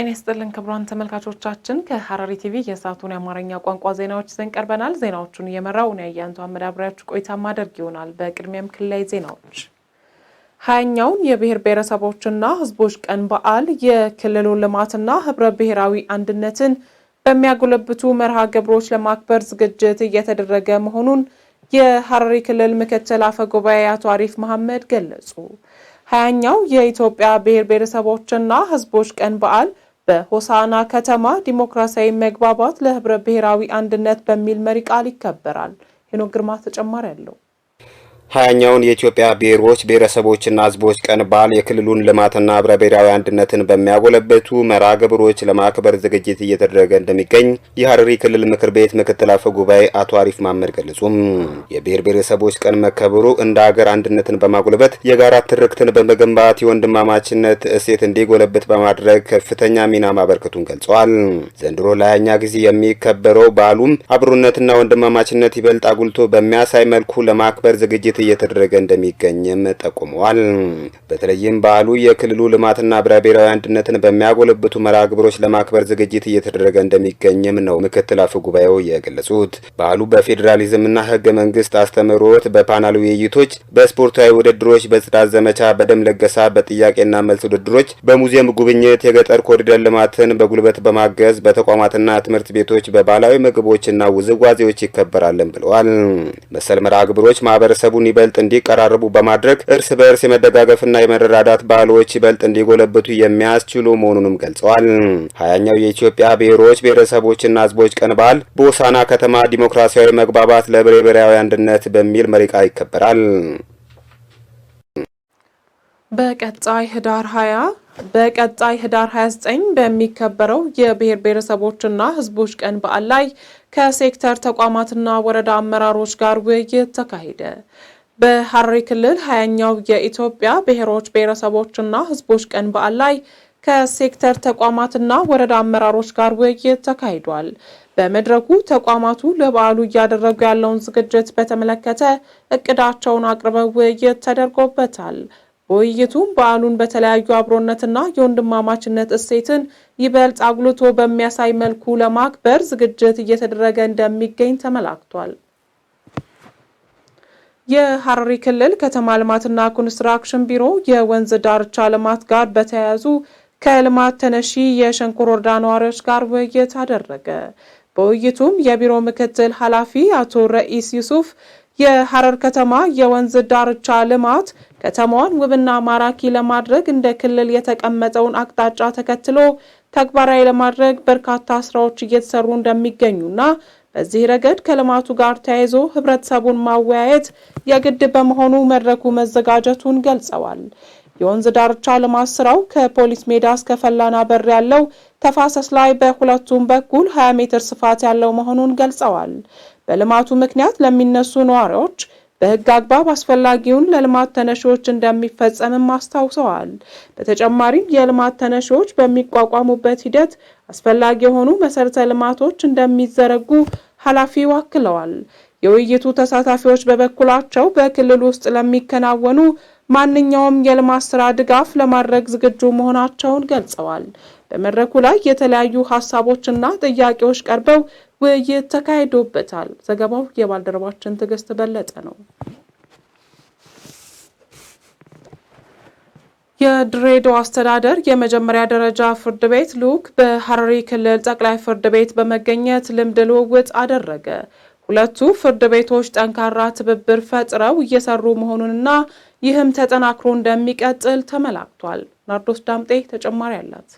ጤና ይስጥልን ክቡራን ተመልካቾቻችን፣ ከሐረሪ ቲቪ የሰዓቱን የአማርኛ ቋንቋ ዜናዎች ይዘን ቀርበናል። ዜናዎቹን እየመራው እኔ አያንቱ አመዳብሪያችሁ ቆይታ ማደርግ ይሆናል። በቅድሚያም ክልላዊ ዜናዎች። ሀያኛውን የብሔር ብሔረሰቦችና ሕዝቦች ቀን በዓል የክልሉ ልማትና ህብረ ብሔራዊ አንድነትን በሚያጎለብቱ መርሃ ግብሮች ለማክበር ዝግጅት እየተደረገ መሆኑን የሐረሪ ክልል ምክትል አፈ ጉባኤ አቶ አሪፍ መሐመድ ገለጹ። ሀያኛው የኢትዮጵያ ብሔር ብሔረሰቦችና ሕዝቦች ቀን በዓል በሆሳና ከተማ ዲሞክራሲያዊ መግባባት ለህብረ ብሔራዊ አንድነት በሚል መሪ ቃል ይከበራል። ሄኖክ ግርማ ተጨማሪ አለው። ሀያኛውን የኢትዮጵያ ብሔሮች ብሔረሰቦችና ህዝቦች ቀን በዓል የክልሉን ልማትና ህብረ ብሔራዊ አንድነትን በሚያጎለበቱ መርሃ ግብሮች ለማክበር ዝግጅት እየተደረገ እንደሚገኝ የሀረሪ ክልል ምክር ቤት ምክትል አፈ ጉባኤ አቶ አሪፍ ማመድ ገለጹም። የብሔር ብሔረሰቦች ቀን መከበሩ እንደ ሀገር አንድነትን በማጉልበት የጋራ ትርክትን በመገንባት የወንድማማችነት እሴት እንዲጎለብት በማድረግ ከፍተኛ ሚና ማበርከቱን ገልጸዋል። ዘንድሮ ለሀያኛ ጊዜ የሚከበረው በዓሉም አብሮነትና ወንድማማችነት ይበልጥ አጉልቶ በሚያሳይ መልኩ ለማክበር ዝግጅት ውይይት እየተደረገ እንደሚገኝም ጠቁመዋል። በተለይም በዓሉ የክልሉ ልማትና ብሔራዊ ብሔራዊ አንድነትን በሚያጎለብቱ መርሃ ግብሮች ለማክበር ዝግጅት እየተደረገ እንደሚገኝም ነው ምክትል አፈ ጉባኤው የገለጹት። በዓሉ በፌዴራሊዝምና ህገ መንግስት አስተምህሮት፣ በፓናል ውይይቶች፣ በስፖርታዊ ውድድሮች፣ በጽዳት ዘመቻ፣ በደም ለገሳ፣ በጥያቄና መልስ ውድድሮች፣ በሙዚየም ጉብኝት፣ የገጠር ኮሪደር ልማትን በጉልበት በማገዝ በተቋማትና ትምህርት ቤቶች በባህላዊ ምግቦችና ውዝዋዜዎች ይከበራለን ብለዋል። መሰል መርሃ ግብሮች ማህበረሰቡን ባህሎችን ይበልጥ እንዲቀራረቡ በማድረግ እርስ በእርስ የመደጋገፍና የመረዳዳት ባህሎች ይበልጥ እንዲጎለብቱ የሚያስችሉ መሆኑንም ገልጸዋል። ሀያኛው የኢትዮጵያ ብሔሮች ብሔረሰቦችና ህዝቦች ቀን በዓል በሆሳዕና ከተማ ዲሞክራሲያዊ መግባባት ለብሔረ ብሔራዊ አንድነት በሚል መሪ ቃል ይከበራል። በቀጣይ ህዳር 20 በቀጣይ ህዳር 29 በሚከበረው የብሔር ብሔረሰቦችና ህዝቦች ቀን በዓል ላይ ከሴክተር ተቋማትና ወረዳ አመራሮች ጋር ውይይት ተካሄደ። በሐረሪ ክልል ሀያኛው የኢትዮጵያ ብሔሮች ብሔረሰቦችና ህዝቦች ቀን በዓል ላይ ከሴክተር ተቋማትና ወረዳ አመራሮች ጋር ውይይት ተካሂዷል። በመድረኩ ተቋማቱ ለበዓሉ እያደረጉ ያለውን ዝግጅት በተመለከተ እቅዳቸውን አቅርበው ውይይት ተደርጎበታል። በውይይቱም በዓሉን በተለያዩ አብሮነትና የወንድማማችነት እሴትን ይበልጥ አጉልቶ በሚያሳይ መልኩ ለማክበር ዝግጅት እየተደረገ እንደሚገኝ ተመላክቷል። የሐረሪ ክልል ከተማ ልማትና ኮንስትራክሽን ቢሮ የወንዝ ዳርቻ ልማት ጋር በተያያዙ ከልማት ተነሺ የሸንኮር ወረዳ ነዋሪዎች ጋር ውይይት አደረገ። በውይይቱም የቢሮ ምክትል ኃላፊ አቶ ረኢስ ዩሱፍ የሐረር ከተማ የወንዝ ዳርቻ ልማት ከተማዋን ውብና ማራኪ ለማድረግ እንደ ክልል የተቀመጠውን አቅጣጫ ተከትሎ ተግባራዊ ለማድረግ በርካታ ስራዎች እየተሰሩ እንደሚገኙና በዚህ ረገድ ከልማቱ ጋር ተያይዞ ህብረተሰቡን ማወያየት የግድ በመሆኑ መድረኩ መዘጋጀቱን ገልጸዋል። የወንዝ ዳርቻ ልማት ስራው ከፖሊስ ሜዳ እስከ ፈላና በር ያለው ተፋሰስ ላይ በሁለቱም በኩል 20 ሜትር ስፋት ያለው መሆኑን ገልጸዋል። በልማቱ ምክንያት ለሚነሱ ነዋሪዎች በህግ አግባብ አስፈላጊውን ለልማት ተነሺዎች እንደሚፈጸምም አስታውሰዋል። በተጨማሪም የልማት ተነሺዎች በሚቋቋሙበት ሂደት አስፈላጊ የሆኑ መሰረተ ልማቶች እንደሚዘረጉ ኃላፊው አክለዋል። የውይይቱ ተሳታፊዎች በበኩላቸው በክልል ውስጥ ለሚከናወኑ ማንኛውም የልማት ስራ ድጋፍ ለማድረግ ዝግጁ መሆናቸውን ገልጸዋል። በመድረኩ ላይ የተለያዩ ሀሳቦችና ጥያቄዎች ቀርበው ውይይት ተካሂዶበታል። ዘገባው የባልደረባችን ትዕግስት በለጠ ነው። የድሬዳዋ አስተዳደር የመጀመሪያ ደረጃ ፍርድ ቤት ልዑክ በሐረሪ ክልል ጠቅላይ ፍርድ ቤት በመገኘት ልምድ ልውውጥ አደረገ። ሁለቱ ፍርድ ቤቶች ጠንካራ ትብብር ፈጥረው እየሰሩ መሆኑንና ይህም ተጠናክሮ እንደሚቀጥል ተመላክቷል። ናርዶስ ዳምጤ ተጨማሪ አላት።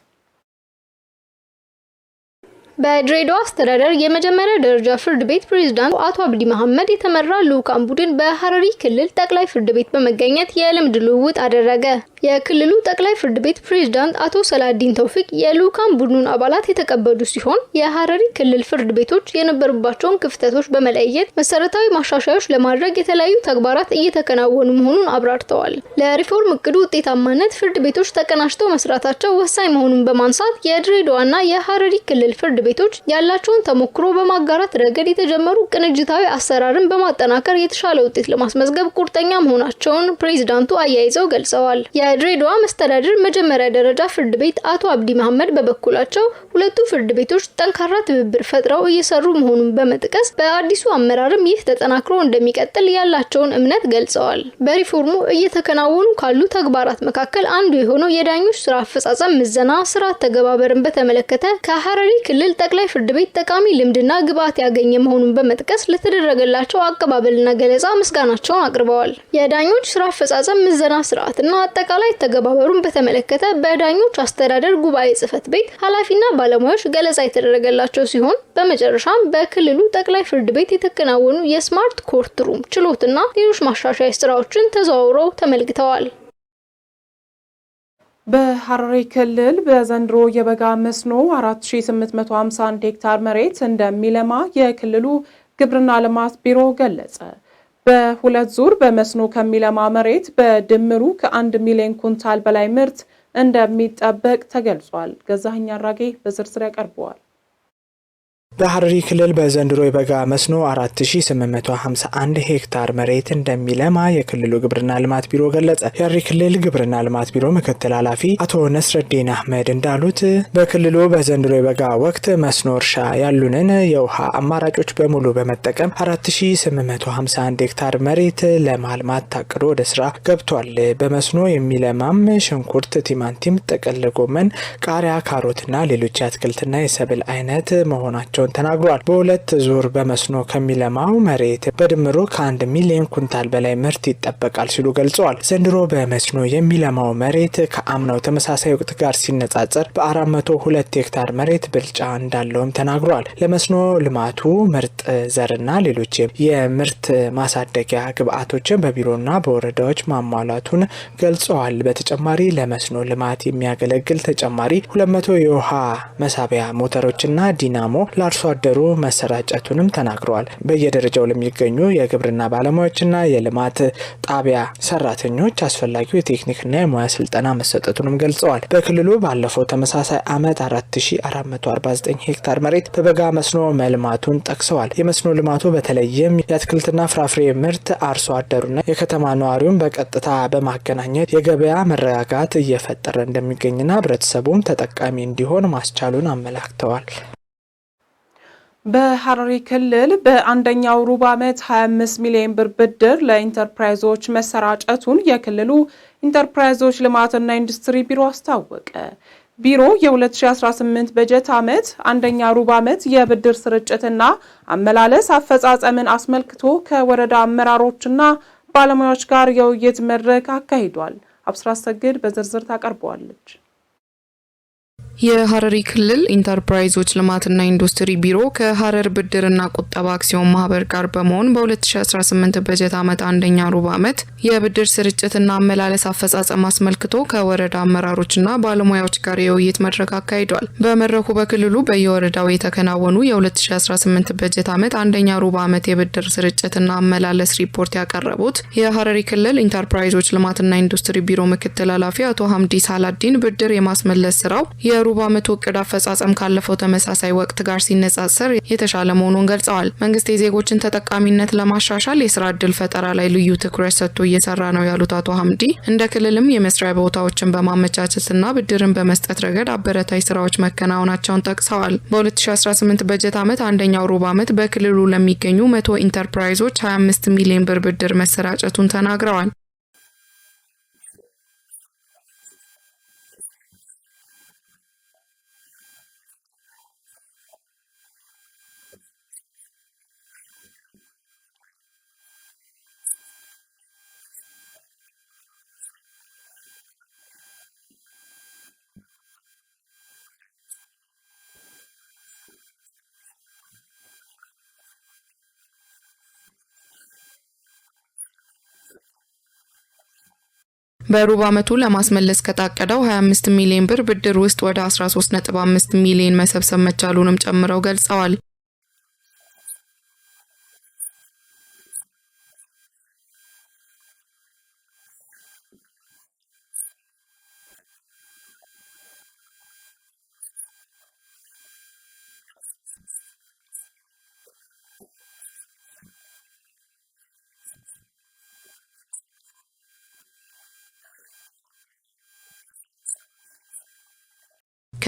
በድሬዳዋ አስተዳደር የመጀመሪያ ደረጃ ፍርድ ቤት ፕሬዝዳንት አቶ አብዲ መሐመድ የተመራ ልዑካን ቡድን በሐረሪ ክልል ጠቅላይ ፍርድ ቤት በመገኘት የልምድ ልውውጥ አደረገ። የክልሉ ጠቅላይ ፍርድ ቤት ፕሬዝዳንት አቶ ሰላዲን ተውፊቅ የልዑካን ቡድኑን አባላት የተቀበሉ ሲሆን የሐረሪ ክልል ፍርድ ቤቶች የነበሩባቸውን ክፍተቶች በመለየት መሰረታዊ ማሻሻዮች ለማድረግ የተለያዩ ተግባራት እየተከናወኑ መሆኑን አብራርተዋል። ለሪፎርም እቅዱ ውጤታማነት ፍርድ ቤቶች ተቀናጅተው መስራታቸው ወሳኝ መሆኑን በማንሳት የድሬዳዋና የሐረሪ ክልል ፍርድ ቤት ቤቶች ያላቸውን ተሞክሮ በማጋራት ረገድ የተጀመሩ ቅንጅታዊ አሰራርን በማጠናከር የተሻለ ውጤት ለማስመዝገብ ቁርጠኛ መሆናቸውን ፕሬዚዳንቱ አያይዘው ገልጸዋል። የድሬዳዋ መስተዳድር መጀመሪያ ደረጃ ፍርድ ቤት አቶ አብዲ መሐመድ በበኩላቸው ሁለቱ ፍርድ ቤቶች ጠንካራ ትብብር ፈጥረው እየሰሩ መሆኑን በመጥቀስ በአዲሱ አመራርም ይህ ተጠናክሮ እንደሚቀጥል ያላቸውን እምነት ገልጸዋል። በሪፎርሙ እየተከናወኑ ካሉ ተግባራት መካከል አንዱ የሆነው የዳኞች ስራ አፈጻጸም ምዘና ስራ ተገባበርን በተመለከተ ከሀረሪ ክልል ጠቅላይ ፍርድ ቤት ጠቃሚ ልምድና ግብዓት ያገኘ መሆኑን በመጥቀስ ለተደረገላቸው አቀባበልና ገለጻ ምስጋናቸውን አቅርበዋል። የዳኞች ስራ አፈጻጸም ምዘና ስርዓትና አጠቃላይ ተገባበሩን በተመለከተ በዳኞች አስተዳደር ጉባኤ ጽህፈት ቤት ኃላፊና ባለሙያዎች ገለጻ የተደረገላቸው ሲሆን በመጨረሻም በክልሉ ጠቅላይ ፍርድ ቤት የተከናወኑ የስማርት ኮርት ሩም ችሎትና ሌሎች ማሻሻያ ስራዎችን ተዘዋውረው ተመልክተዋል። በሐረሪ ክልል በዘንድሮ የበጋ መስኖ 4851 ሄክታር መሬት እንደሚለማ የክልሉ ግብርና ልማት ቢሮ ገለጸ። በሁለት ዙር በመስኖ ከሚለማ መሬት በድምሩ ከአንድ ሚሊዮን ኩንታል በላይ ምርት እንደሚጠበቅ ተገልጿል። ገዛኸኝ አራጌ በዝርዝር ያቀርበዋል። በሐረሪ ክልል በዘንድሮ የበጋ መስኖ 4851 ሄክታር መሬት እንደሚለማ የክልሉ ግብርና ልማት ቢሮ ገለጸ። የሐረሪ ክልል ግብርና ልማት ቢሮ ምክትል ኃላፊ አቶ ነስረዴን አህመድ እንዳሉት በክልሉ በዘንድሮ የበጋ ወቅት መስኖ እርሻ ያሉንን የውሃ አማራጮች በሙሉ በመጠቀም 4851 ሄክታር መሬት ለማልማት ታቅዶ ወደ ስራ ገብቷል። በመስኖ የሚለማም ሽንኩርት፣ ቲማቲም፣ ጥቅል ጎመን፣ ቃሪያ፣ ካሮትና ሌሎች የአትክልትና የሰብል አይነት መሆናቸው መሆናቸውን ተናግሯል። በሁለት ዙር በመስኖ ከሚለማው መሬት በድምሩ ከአንድ ሚሊዮን ኩንታል በላይ ምርት ይጠበቃል ሲሉ ገልጸዋል። ዘንድሮ በመስኖ የሚለማው መሬት ከአምናው ተመሳሳይ ወቅት ጋር ሲነጻጸር በ402 ሄክታር መሬት ብልጫ እንዳለውም ተናግሯል። ለመስኖ ልማቱ ምርጥ ዘርና ሌሎች የምርት ማሳደጊያ ግብዓቶችን በቢሮና በወረዳዎች ማሟላቱን ገልጸዋል። በተጨማሪ ለመስኖ ልማት የሚያገለግል ተጨማሪ 200 የውሃ መሳቢያ ሞተሮችና ዲናሞ ለ አርሶ አደሩ መሰራጨቱንም ተናግረዋል። በየደረጃው ለሚገኙ የግብርና ባለሙያዎችና የልማት ጣቢያ ሰራተኞች አስፈላጊው የቴክኒክና የሙያ ስልጠና መሰጠቱንም ገልጸዋል። በክልሉ ባለፈው ተመሳሳይ ዓመት 4449 ሄክታር መሬት በበጋ መስኖ መልማቱን ጠቅሰዋል። የመስኖ ልማቱ በተለይም የአትክልትና ፍራፍሬ ምርት አርሶ አደሩና የከተማ ነዋሪውን በቀጥታ በማገናኘት የገበያ መረጋጋት እየፈጠረ እንደሚገኝና ህብረተሰቡም ተጠቃሚ እንዲሆን ማስቻሉን አመላክተዋል። በሐረሪ ክልል በአንደኛው ሩብ ዓመት 25 ሚሊዮን ብር ብድር ለኢንተርፕራይዞች መሰራጨቱን የክልሉ ኢንተርፕራይዞች ልማትና ኢንዱስትሪ ቢሮ አስታወቀ። ቢሮ የ2018 በጀት ዓመት አንደኛ ሩብ ዓመት የብድር ስርጭትና አመላለስ አፈጻጸምን አስመልክቶ ከወረዳ አመራሮችና ባለሙያዎች ጋር የውይይት መድረክ አካሂዷል። አብስራ ሰግድ በዝርዝር ታቀርበዋለች። የሐረሪ ክልል ኢንተርፕራይዞች ልማትና ኢንዱስትሪ ቢሮ ከሐረር ብድርና ቁጠባ አክሲዮን ማህበር ጋር በመሆን በ2018 በጀት ዓመት አንደኛ ሩብ ዓመት የብድር ስርጭትና አመላለስ አፈጻጸም አስመልክቶ ከወረዳ አመራሮችና ባለሙያዎች ጋር የውይይት መድረክ አካሂዷል። በመድረኩ በክልሉ በየወረዳው የተከናወኑ የ2018 በጀት ዓመት አንደኛ ሩብ ዓመት የብድር ስርጭትና አመላለስ ሪፖርት ያቀረቡት የሐረሪ ክልል ኢንተርፕራይዞች ልማትና ኢንዱስትሪ ቢሮ ምክትል ኃላፊ አቶ ሀምዲ ሳላዲን ብድር የማስመለስ ስራው የሩ የሩብ ዓመቱ እቅድ አፈጻጸም ካለፈው ተመሳሳይ ወቅት ጋር ሲነጻጸር የተሻለ መሆኑን ገልጸዋል። መንግስት የዜጎችን ተጠቃሚነት ለማሻሻል የስራ እድል ፈጠራ ላይ ልዩ ትኩረት ሰጥቶ እየሰራ ነው ያሉት አቶ ሀምዲ እንደ ክልልም የመስሪያ ቦታዎችን በማመቻቸትና ብድርን በመስጠት ረገድ አበረታይ ስራዎች መከናወናቸውን ጠቅሰዋል። በ2018 በጀት ዓመት አንደኛው ሩብ ዓመት በክልሉ ለሚገኙ መቶ ኢንተርፕራይዞች 25 ሚሊዮን ብር ብድር መሰራጨቱን ተናግረዋል። በሩብ ዓመቱ ለማስመለስ ከታቀደው 25 ሚሊዮን ብር ብድር ውስጥ ወደ 13.5 ሚሊዮን መሰብሰብ መቻሉንም ጨምረው ገልጸዋል።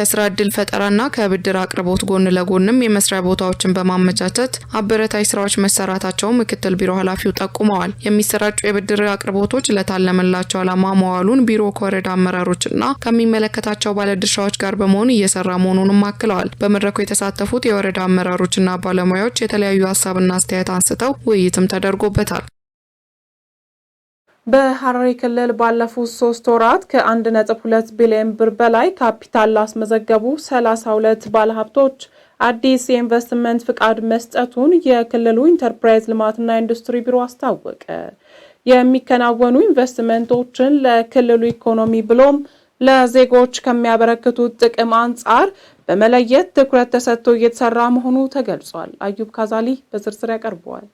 ከስራ እድል ፈጠራና ከብድር አቅርቦት ጎን ለጎንም የመስሪያ ቦታዎችን በማመቻቸት አበረታይ ስራዎች መሰራታቸው ምክትል ቢሮ ኃላፊው ጠቁመዋል። የሚሰራጩ የብድር አቅርቦቶች ለታለመላቸው ዓላማ መዋሉን ቢሮ ከወረዳ አመራሮችና ከሚመለከታቸው ባለድርሻዎች ጋር በመሆን እየሰራ መሆኑንም አክለዋል። በመድረኩ የተሳተፉት የወረዳ አመራሮችና ባለሙያዎች የተለያዩ ሀሳብና አስተያየት አንስተው ውይይትም ተደርጎበታል። በሐረሪ ክልል ባለፉት ሶስት ወራት ከ1.2 ቢሊዮን ብር በላይ ካፒታል ላስመዘገቡ 32 ባለሀብቶች አዲስ የኢንቨስትመንት ፍቃድ መስጠቱን የክልሉ ኢንተርፕራይዝ ልማትና ኢንዱስትሪ ቢሮ አስታወቀ። የሚከናወኑ ኢንቨስትመንቶችን ለክልሉ ኢኮኖሚ ብሎም ለዜጎች ከሚያበረክቱት ጥቅም አንጻር በመለየት ትኩረት ተሰጥቶ እየተሰራ መሆኑ ተገልጿል። አዩብ ካዛሊ በዝርዝር ያቀርበዋል።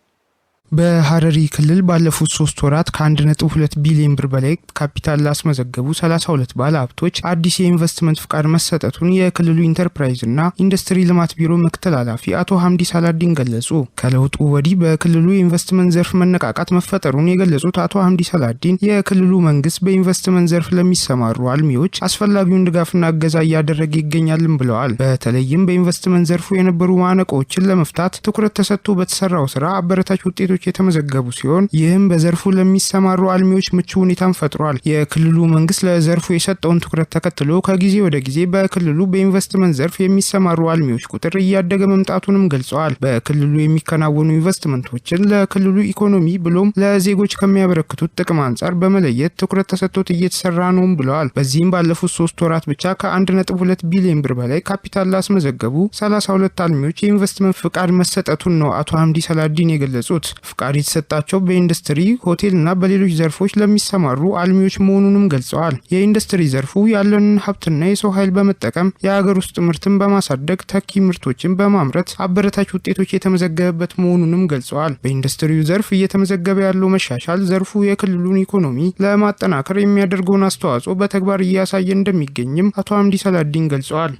በሐረሪ ክልል ባለፉት ሶስት ወራት ከ1.2 ቢሊዮን ብር በላይ ካፒታል ላስመዘገቡ 32 ባለ ሀብቶች አዲስ የኢንቨስትመንት ፍቃድ መሰጠቱን የክልሉ ኢንተርፕራይዝ እና ኢንዱስትሪ ልማት ቢሮ ምክትል ኃላፊ አቶ ሀምዲ ሳላዲን ገለጹ። ከለውጡ ወዲህ በክልሉ የኢንቨስትመንት ዘርፍ መነቃቃት መፈጠሩን የገለጹት አቶ ሀምዲ ሳላዲን የክልሉ መንግስት በኢንቨስትመንት ዘርፍ ለሚሰማሩ አልሚዎች አስፈላጊውን ድጋፍና እገዛ እያደረገ ይገኛልም ብለዋል። በተለይም በኢንቨስትመንት ዘርፉ የነበሩ ማነቆዎችን ለመፍታት ትኩረት ተሰጥቶ በተሰራው ስራ አበረታች ውጤቶች ተወዳዳሪዎች የተመዘገቡ ሲሆን ይህም በዘርፉ ለሚሰማሩ አልሚዎች ምቹ ሁኔታን ፈጥሯል። የክልሉ መንግስት ለዘርፉ የሰጠውን ትኩረት ተከትሎ ከጊዜ ወደ ጊዜ በክልሉ በኢንቨስትመንት ዘርፍ የሚሰማሩ አልሚዎች ቁጥር እያደገ መምጣቱንም ገልጸዋል። በክልሉ የሚከናወኑ ኢንቨስትመንቶችን ለክልሉ ኢኮኖሚ ብሎም ለዜጎች ከሚያበረክቱት ጥቅም አንጻር በመለየት ትኩረት ተሰጥቶት እየተሰራ ነውም ብለዋል። በዚህም ባለፉት ሶስት ወራት ብቻ ከ1.2 ቢሊዮን ብር በላይ ካፒታል ላስመዘገቡ 32 አልሚዎች የኢንቨስትመንት ፍቃድ መሰጠቱን ነው አቶ ሀምዲ ሰላዲን የገለጹት። ፍቃድ የተሰጣቸው በኢንዱስትሪ ሆቴልና በሌሎች ዘርፎች ለሚሰማሩ አልሚዎች መሆኑንም ገልጸዋል። የኢንዱስትሪ ዘርፉ ያለንን ሀብትና የሰው ኃይል በመጠቀም የሀገር ውስጥ ምርትን በማሳደግ ተኪ ምርቶችን በማምረት አበረታች ውጤቶች የተመዘገበበት መሆኑንም ገልጸዋል። በኢንዱስትሪው ዘርፍ እየተመዘገበ ያለው መሻሻል ዘርፉ የክልሉን ኢኮኖሚ ለማጠናከር የሚያደርገውን አስተዋጽኦ በተግባር እያሳየ እንደሚገኝም አቶ አምዲ ሰላዲን ገልጸዋል።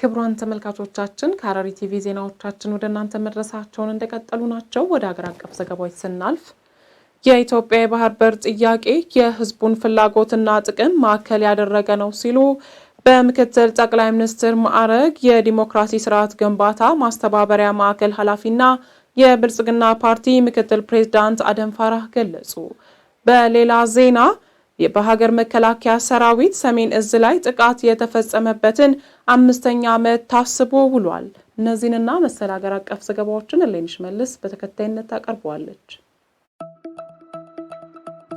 ክቡራን ተመልካቾቻችን ከሐረሪ ቲቪ ዜናዎቻችን ወደ እናንተ መድረሳቸውን እንደቀጠሉ ናቸው። ወደ ሀገር አቀፍ ዘገባዎች ስናልፍ የኢትዮጵያ የባህር በር ጥያቄ የሕዝቡን ፍላጎትና ጥቅም ማዕከል ያደረገ ነው ሲሉ በምክትል ጠቅላይ ሚኒስትር ማዕረግ የዲሞክራሲ ስርዓት ግንባታ ማስተባበሪያ ማዕከል ኃላፊና የብልጽግና ፓርቲ ምክትል ፕሬዝዳንት አደም ፋራህ ገለጹ። በሌላ ዜና በሀገር መከላከያ ሰራዊት ሰሜን እዝ ላይ ጥቃት የተፈጸመበትን አምስተኛ ዓመት ታስቦ ውሏል። እነዚህንና መሰል ሀገር አቀፍ ዘገባዎችን ሌንሽ መልስ በተከታይነት ታቀርበዋለች።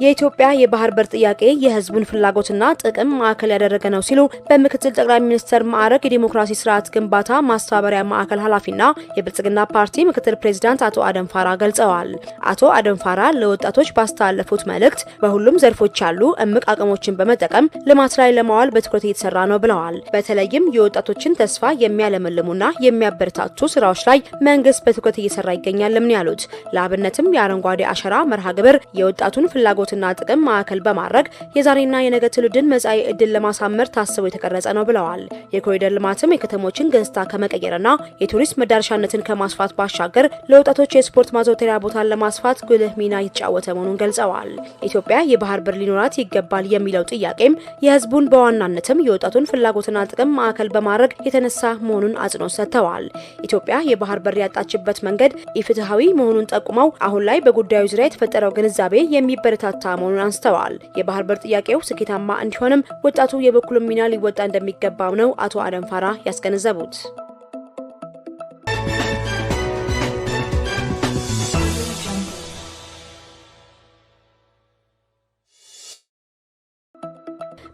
የኢትዮጵያ የባህር በር ጥያቄ የህዝቡን ፍላጎትና ጥቅም ማዕከል ያደረገ ነው ሲሉ በምክትል ጠቅላይ ሚኒስትር ማዕረግ የዲሞክራሲ ስርዓት ግንባታ ማስተባበሪያ ማዕከል ኃላፊና የብልጽግና ፓርቲ ምክትል ፕሬዚዳንት አቶ አደም ፋራ ገልጸዋል። አቶ አደም ፋራ ለወጣቶች ባስተላለፉት መልእክት በሁሉም ዘርፎች ያሉ እምቅ አቅሞችን በመጠቀም ልማት ላይ ለማዋል በትኩረት እየተሰራ ነው ብለዋል። በተለይም የወጣቶችን ተስፋ የሚያለመልሙና የሚያበረታቱ ስራዎች ላይ መንግስት በትኩረት እየሰራ ይገኛል። ለምን ያሉት ለአብነትም የአረንጓዴ አሻራ መርሃ ግብር የወጣቱን ፍላጎት ፍላጎትና ጥቅም ማዕከል በማድረግ የዛሬና የነገ ትውልድን መጻኢ እድል ለማሳመር ታስቦ የተቀረጸ ነው ብለዋል። የኮሪደር ልማትም የከተሞችን ገጽታ ከመቀየርና የቱሪስት መዳረሻነትን ከማስፋት ባሻገር ለወጣቶች የስፖርት ማዘውተሪያ ቦታን ለማስፋት ጉልህ ሚና የተጫወተ መሆኑን ገልጸዋል። ኢትዮጵያ የባህር በር ሊኖራት ይገባል የሚለው ጥያቄም የህዝቡን በዋናነትም የወጣቱን ፍላጎትና ጥቅም ማዕከል በማድረግ የተነሳ መሆኑን አጽንኦት ሰጥተዋል። ኢትዮጵያ የባህር በር ያጣችበት መንገድ ኢፍትሐዊ መሆኑን ጠቁመው አሁን ላይ በጉዳዩ ዙሪያ የተፈጠረው ግንዛቤ የሚበረታ እየተፈታ መሆኑን አንስተዋል። የባህር በር ጥያቄው ስኬታማ እንዲሆንም ወጣቱ የበኩሉን ሚና ሊወጣ እንደሚገባም ነው አቶ አደም ፋራ ያስገነዘቡት።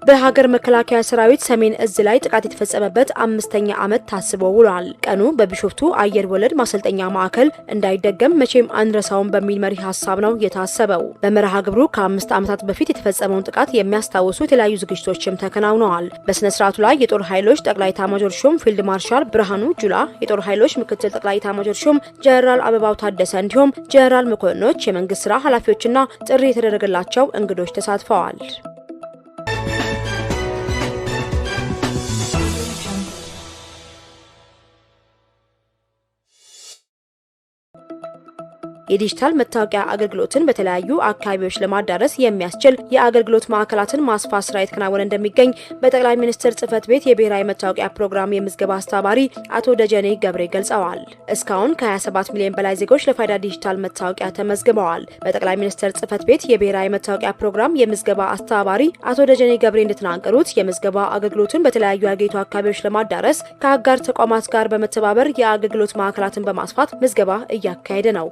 በሀገር መከላከያ ሰራዊት ሰሜን እዝ ላይ ጥቃት የተፈጸመበት አምስተኛ ዓመት ታስቦ ውሏል። ቀኑ በቢሾፍቱ አየር ወለድ ማሰልጠኛ ማዕከል እንዳይደገም መቼም አንረሳውን በሚል መሪ ሀሳብ ነው የታሰበው። በመርሃ ግብሩ ከአምስት ዓመታት በፊት የተፈጸመውን ጥቃት የሚያስታውሱ የተለያዩ ዝግጅቶችም ተከናውነዋል። በስነ ስርዓቱ ላይ የጦር ኃይሎች ጠቅላይ ኤታማዦር ሹም ፊልድ ማርሻል ብርሃኑ ጁላ፣ የጦር ኃይሎች ምክትል ጠቅላይ ኤታማዦር ሹም ጀነራል አበባው ታደሰ እንዲሁም ጀነራል መኮንኖች፣ የመንግስት ስራ ኃላፊዎችና ጥሪ የተደረገላቸው እንግዶች ተሳትፈዋል። የዲጂታል መታወቂያ አገልግሎትን በተለያዩ አካባቢዎች ለማዳረስ የሚያስችል የአገልግሎት ማዕከላትን ማስፋት ስራ የተከናወነ እንደሚገኝ በጠቅላይ ሚኒስትር ጽህፈት ቤት የብሔራዊ መታወቂያ ፕሮግራም የምዝገባ አስተባባሪ አቶ ደጀኔ ገብሬ ገልጸዋል። እስካሁን ከ27 ሚሊዮን በላይ ዜጎች ለፋይዳ ዲጂታል መታወቂያ ተመዝግበዋል። በጠቅላይ ሚኒስትር ጽህፈት ቤት የብሔራዊ መታወቂያ ፕሮግራም የምዝገባ አስተባባሪ አቶ ደጀኔ ገብሬ እንደተናገሩት የምዝገባ አገልግሎትን በተለያዩ የአገሪቱ አካባቢዎች ለማዳረስ ከአጋር ተቋማት ጋር በመተባበር የአገልግሎት ማዕከላትን በማስፋት ምዝገባ እያካሄደ ነው።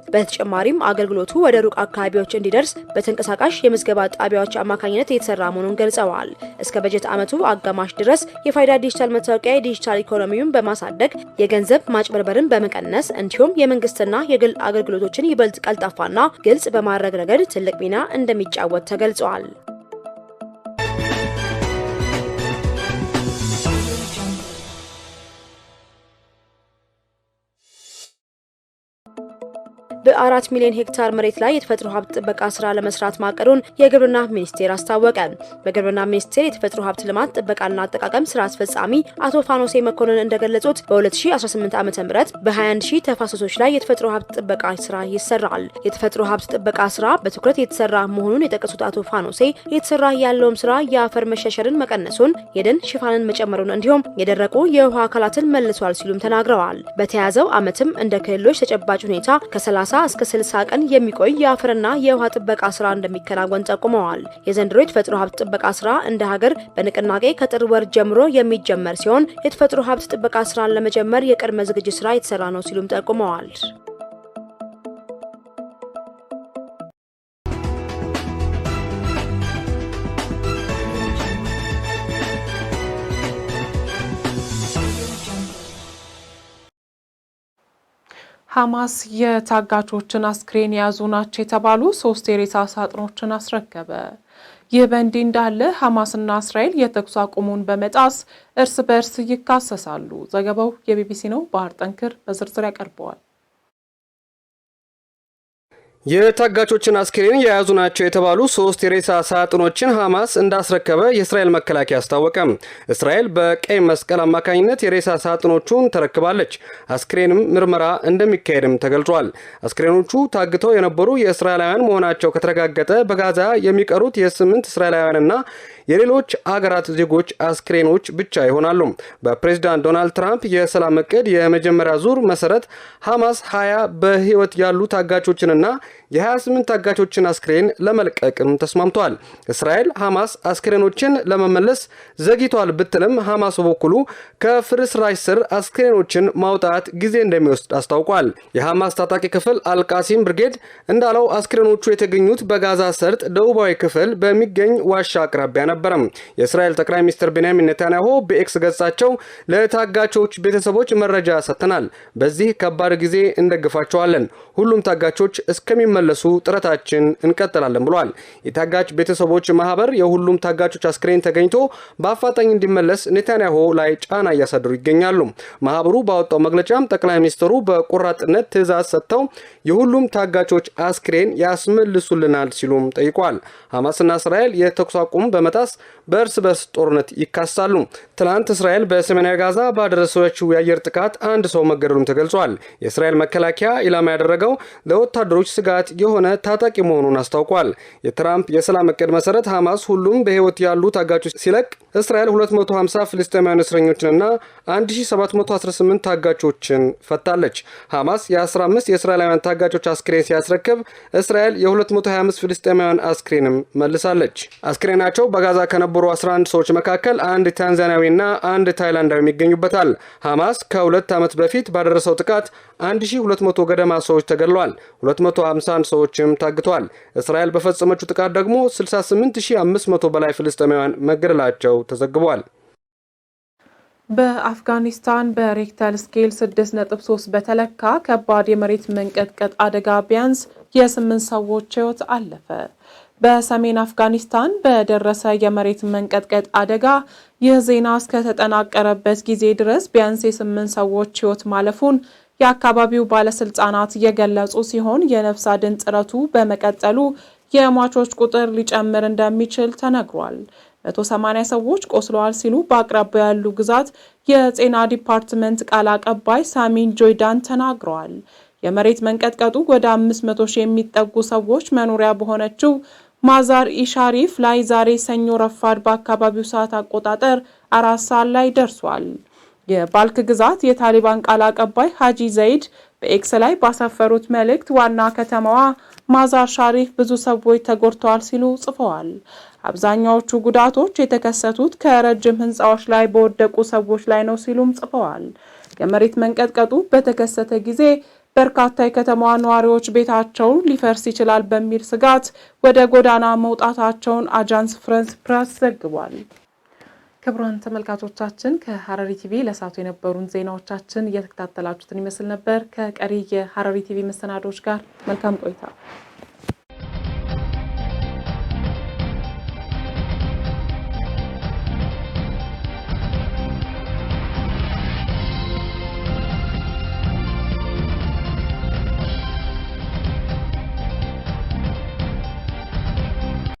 በተጨማሪም አገልግሎቱ ወደ ሩቅ አካባቢዎች እንዲደርስ በተንቀሳቃሽ የምዝገባ ጣቢያዎች አማካኝነት የተሰራ መሆኑን ገልጸዋል። እስከ በጀት ዓመቱ አጋማሽ ድረስ የፋይዳ ዲጂታል መታወቂያ የዲጂታል ኢኮኖሚውን በማሳደግ የገንዘብ ማጭበርበርን በመቀነስ እንዲሁም የመንግስትና የግል አገልግሎቶችን ይበልጥ ቀልጣፋና ግልጽ በማድረግ ረገድ ትልቅ ሚና እንደሚጫወት ተገልጿል። አራት ሚሊዮን ሄክታር መሬት ላይ የተፈጥሮ ሀብት ጥበቃ ስራ ለመስራት ማቀዱን የግብርና ሚኒስቴር አስታወቀ። በግብርና ሚኒስቴር የተፈጥሮ ሀብት ልማት ጥበቃና አጠቃቀም ስራ አስፈጻሚ አቶ ፋኖሴ መኮንን እንደገለጹት በ2018 ዓ ም በ21 ሺህ ተፋሰሶች ላይ የተፈጥሮ ሀብት ጥበቃ ስራ ይሰራል። የተፈጥሮ ሀብት ጥበቃ ስራ በትኩረት የተሰራ መሆኑን የጠቀሱት አቶ ፋኖሴ የተሰራ ያለውም ስራ የአፈር መሸርሸርን መቀነሱን፣ የደን ሽፋንን መጨመሩን እንዲሁም የደረቁ የውሃ አካላትን መልሷል ሲሉም ተናግረዋል። በተያዘው ዓመትም እንደ ክልሎች ተጨባጭ ሁኔታ ከ30 እስከ 60 ቀን የሚቆይ የአፈርና የውሃ ጥበቃ ስራ እንደሚከናወን ጠቁመዋል። የዘንድሮ የተፈጥሮ ሀብት ጥበቃ ስራ እንደ ሀገር በንቅናቄ ከጥር ወር ጀምሮ የሚጀመር ሲሆን የተፈጥሮ ሀብት ጥበቃ ስራን ለመጀመር የቅድመ ዝግጅት ስራ የተሰራ ነው ሲሉም ጠቁመዋል። ሐማስ የታጋቾችን አስክሬን የያዙ ናቸው የተባሉ ሶስት የሬሳ ሳጥኖችን አስረከበ። ይህ በእንዲህ እንዳለ ሐማስና እስራኤል የተኩስ አቁሙን በመጣስ እርስ በእርስ ይካሰሳሉ። ዘገባው የቢቢሲ ነው። ባህር ጠንክር በዝርዝር ያቀርበዋል። የታጋቾችን አስክሬን የያዙ ናቸው የተባሉ ሶስት የሬሳ ሳጥኖችን ሐማስ እንዳስረከበ የእስራኤል መከላከያ አስታወቀም። እስራኤል በቀይ መስቀል አማካኝነት የሬሳ ሳጥኖቹን ተረክባለች። አስክሬንም ምርመራ እንደሚካሄድም ተገልጿል። አስክሬኖቹ ታግተው የነበሩ የእስራኤላውያን መሆናቸው ከተረጋገጠ በጋዛ የሚቀሩት የስምንት እስራኤላውያንና የሌሎች አገራት ዜጎች አስክሬኖች ብቻ ይሆናሉ። በፕሬዚዳንት ዶናልድ ትራምፕ የሰላም እቅድ የመጀመሪያ ዙር መሰረት ሐማስ 20 በህይወት ያሉ ታጋቾችንና የ28 ታጋቾችን አስክሬን ለመልቀቅም ተስማምተዋል። እስራኤል ሐማስ አስክሬኖችን ለመመለስ ዘግይቷል ብትልም ሐማስ በበኩሉ ከፍርስራሽ ስር አስክሬኖችን ማውጣት ጊዜ እንደሚወስድ አስታውቋል። የሐማስ ታጣቂ ክፍል አልቃሲም ብርጌድ እንዳለው አስክሬኖቹ የተገኙት በጋዛ ሰርጥ ደቡባዊ ክፍል በሚገኝ ዋሻ አቅራቢያ ነበር። አልነበረም። የእስራኤል ጠቅላይ ሚኒስትር ቤንያሚን ኔታንያሁ በኤክስ ገጻቸው ለታጋቾች ቤተሰቦች መረጃ ሰጥተናል፣ በዚህ ከባድ ጊዜ እንደግፋቸዋለን። ሁሉም ታጋቾች እስከሚመለሱ ጥረታችን እንቀጥላለን ብሏል። የታጋች ቤተሰቦች ማህበር የሁሉም ታጋቾች አስክሬን ተገኝቶ በአፋጣኝ እንዲመለስ ኔታንያሁ ላይ ጫና እያሳደሩ ይገኛሉ። ማህበሩ ባወጣው መግለጫም ጠቅላይ ሚኒስትሩ በቆራጥነት ትዕዛዝ ሰጥተው የሁሉም ታጋቾች አስክሬን ያስመልሱልናል ሲሉም ጠይቋል። ሐማስና እስራኤል የተኩስ አቁም በመጣ us በእርስ በርስ ጦርነት ይካሳሉ። ትናንት እስራኤል በሰሜናዊ ጋዛ ባደረሰችው የአየር ጥቃት አንድ ሰው መገደሉም ተገልጿል። የእስራኤል መከላከያ ኢላማ ያደረገው ለወታደሮች ስጋት የሆነ ታጣቂ መሆኑን አስታውቋል። የትራምፕ የሰላም እቅድ መሰረት ሐማስ ሁሉም በሕይወት ያሉ ታጋቾች ሲለቅ እስራኤል 250 ፍልስጤማውያን እስረኞችንና 1718 ታጋቾችን ፈታለች። ሐማስ የ15 የእስራኤላውያን ታጋቾች አስክሬን ሲያስረክብ እስራኤል የ225 ፍልስጤማውያን አስክሬንም መልሳለች። አስክሬናቸው በጋዛ ከነ ከታሰሩ 11 ሰዎች መካከል አንድ ታንዛኒያዊና አንድ ታይላንዳዊ ይገኙበታል። ሐማስ ከሁለት ዓመት በፊት ባደረሰው ጥቃት 1200 ገደማ ሰዎች ተገድለዋል፣ 251 ሰዎችም ታግተዋል። እስራኤል በፈጸመችው ጥቃት ደግሞ 68500 በላይ ፍልስጤማውያን መገደላቸው ተዘግቧል። በአፍጋኒስታን በሬክተር ስኬል 6.3 በተለካ ከባድ የመሬት መንቀጥቀጥ አደጋ ቢያንስ የስምንት ሰዎች ሕይወት አለፈ። በሰሜን አፍጋኒስታን በደረሰ የመሬት መንቀጥቀጥ አደጋ ይህ ዜና እስከተጠናቀረበት ጊዜ ድረስ ቢያንስ የስምንት ሰዎች ሕይወት ማለፉን የአካባቢው ባለስልጣናት የገለጹ ሲሆን የነፍስ አድን ጥረቱ በመቀጠሉ የሟቾች ቁጥር ሊጨምር እንደሚችል ተነግሯል። 180 ሰዎች ቆስለዋል ሲሉ በአቅራቢያ ያሉ ግዛት የጤና ዲፓርትመንት ቃል አቀባይ ሳሚን ጆይዳን ተናግረዋል። የመሬት መንቀጥቀጡ ወደ 500 ሺህ የሚጠጉ ሰዎች መኖሪያ በሆነችው ማዛር ኢሻሪፍ ላይ ዛሬ ሰኞ ረፋድ በአካባቢው ሰዓት አቆጣጠር አራት ሰዓት ላይ ደርሷል። የባልክ ግዛት የታሊባን ቃል አቀባይ ሀጂ ዘይድ በኤክስ ላይ ባሰፈሩት መልእክት ዋና ከተማዋ ማዛር ሻሪፍ ብዙ ሰዎች ተጎድተዋል ሲሉ ጽፈዋል። አብዛኛዎቹ ጉዳቶች የተከሰቱት ከረጅም ህንፃዎች ላይ በወደቁ ሰዎች ላይ ነው ሲሉም ጽፈዋል። የመሬት መንቀጥቀጡ በተከሰተ ጊዜ በርካታ የከተማዋ ነዋሪዎች ቤታቸው ሊፈርስ ይችላል በሚል ስጋት ወደ ጎዳና መውጣታቸውን አጃንስ ፍረንስ ፕራስ ዘግቧል። ክቡራን ተመልካቾቻችን ከሐረሪ ቲቪ ለሳቱ የነበሩን ዜናዎቻችን እየተከታተላችሁትን ይመስል ነበር። ከቀሪ የሐረሪ ቲቪ መሰናዶች ጋር መልካም ቆይታ